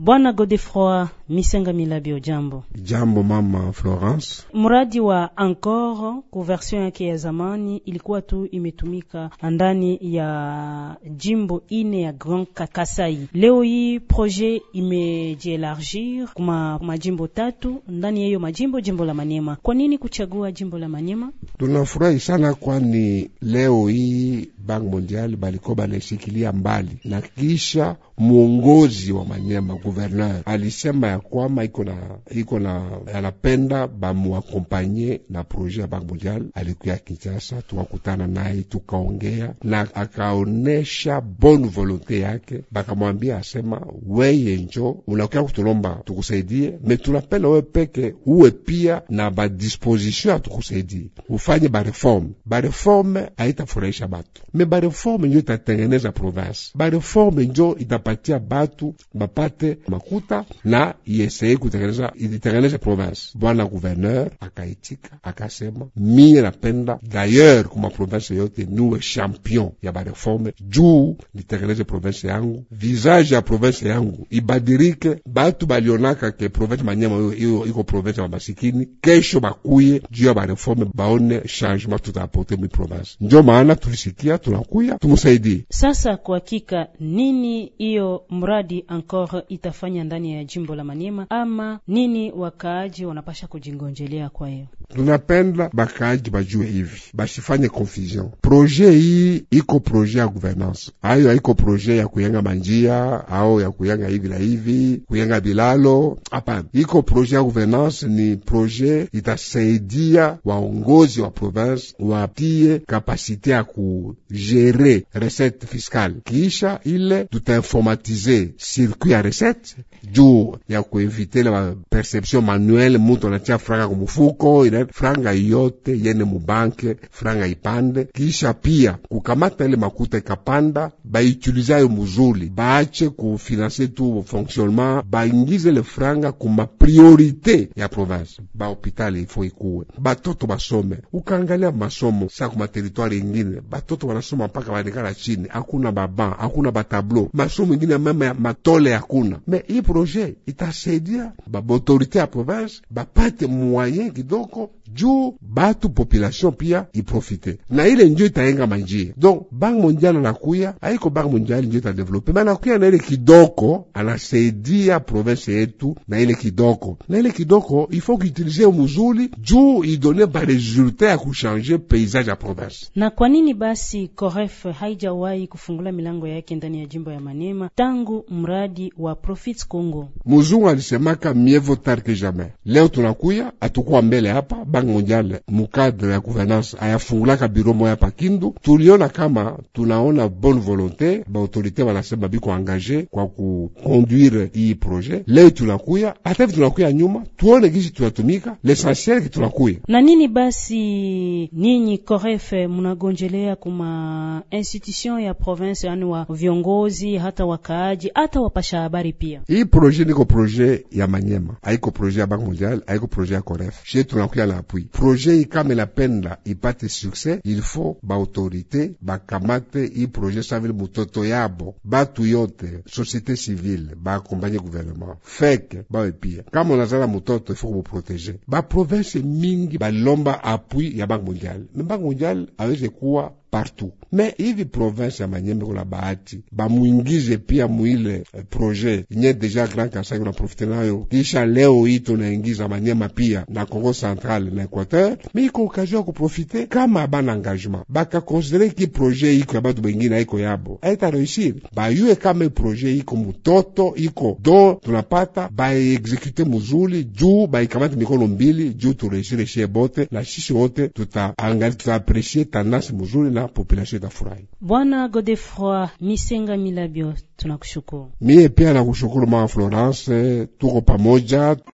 Bwana Godefroy Misenga Milabio, jambo. Jambo mama Florence. Mradi wa Encore ku version yake ya zamani ilikuwa tu imetumika ndani ya jimbo ine ya Grand Kasai. Leo hii projet imejielargir kuma majimbo tatu ndani yeyo majimbo, jimbo la manema Kwa nini kuchagua jimbo la manema Tunafurahi sana kwani leo hii Bank Mondial baliko banaishikilia mbali na kisha muongozi wa manema gouverneur alisema kwama iko na iko na anapenda bamuakompanye na proje ya Bank Mondial. Alikuya Kinshasa, tukakutana naye tukaongea na akaonesha bonne volonté yake, bakamwambia asema, weye njo unakuya kutulomba tukusaidie, me tunapenda wewe peke uwe pia na badisposition atukusaidie ufanye bareforme. Bareforme haitafurahisha batu, me bareforme njo itatengeneza province. Bareforme njo itapatia batu bapate makuta na iesei kutekeleza itengeneze province. Bwana gouverneur akaitika akasema, mie napenda dayer kuma province yote niwe champion ya bareforme juu nitekeleze province yangu, visage ya province yangu ibadirike Batu balionaka ke province Manyema iko province ya masikini, kesho bakuye juu ya bareforme baone changement tutaapote mu province. Njo maana tulisikia tunakuya tumusaidie. Sasa kwa hakika nini hiyo mradi encore itafanya ndani ya jimbo la Maniema ama nini, wakaaji wanapasha kujingonjelea? Kwa hiyo Tunapenda bakaji bajue hivi, bashifanye confusion. Proje hii iko proje ya governance, ayo haiko proje ya kuyenga manjia au ya kuyenga hivi na hivi, kuyenga bilalo. Hapana, iko proje ya governance, ni proje itasaidia waongozi wa province watie kapasite ya kugere recette fiscale. kisha ile tutainformatize circuit ya recette juu ya kuevitela ma perception manuel, mutu anatia franga kumufuko ina na eh, franga yote yene mubanke franga ipande, kisha pia kukamata ile makuta ikapanda, baitulizayo muzuli, baache kufinanse tu fonctionnement, baingize le franga kuma priorite ya province, ba hopitali ifo ikuwe, batoto basome. Ukaangalia masomo sa kuma teritwari ingine, batoto banasoma mpaka banekala chini, hakuna baba, hakuna batablo, masomo ingine mama ya matole hakuna. Me hii proje itasaidia ba autorite ya province bapate moyen kidogo juu batu population pia iprofite na ile njo itaenga manjia. Donc banki mondiale anakuya aiko banki mondiale njo itadevelope manakuya na ile kidoko, anasaidia province yetu na ile kidoko, na ile kidoko ifo kuutilize muzuli juu idone baresulta ya kushanje paysage ya province. Na kwa nini basi Coref haijawahi kufungula milango yake ndani ya jimbo ya manema tangu mradi wa Profit Congo? Muzungu alisemaka mieux vaut tard que jamais. Leo tunakuya atukuwa mbele hapa Banque Mondiale cadre ya gouvernance ayafungulaka biro moya pakindu. Tuliona kama tunaona bonne volonté baautorité banasema biko angaje kwa kukonduire iyi projet. Leo tunakuya hata hivi tunakuya nyuma tuone gisi tunatumika, l'essentiel ki tunakuya na nini. Basi ninyi korefe munagonjelea kuma institution ya province, yani wa viongozi hata wakaaji hata wapasha habari pia. Iyi projet niko projet ya Manyema, aiko projet ya Banque Mondiale, aiko projet ya korefe she tunakuya à l'appui. Projet hii kama inapenda ipate sukses, il baautorite bakamate hii proje savile mutoto yabo, batu yote société civile baakombanye gouvernement feke bawe pia. Kama unazala mutoto ifo kumuproteje. Baprovense mingi balomba apwi ya Banki Mondiale, me Banki Mondiale aweze kuwa partout. Me hivi province ya Manyembe kuna bahati bamwingize pia muile proje nye deja Grand Kasai na profite nayo kisha leo hii tunaingiza Manyema pia na congo Central na Equateur, miko okazio ya kuprofite kama abana engagement bakakonsidere ki proje iko ya batu bengine aiko yabo aita reusir, bayue kama projet iko mutoto iko do tunapata baexekute muzuli juu baikamate mikono mbili juu tureusire shie bote na sisi wote tutaangalia tutaapresie tanasi muzuli na population itafurahi. Bwana Godefroy Misenga Milabio, tunakushukuru. Mie pia nakushukuru mama Florence, tuko pamoja.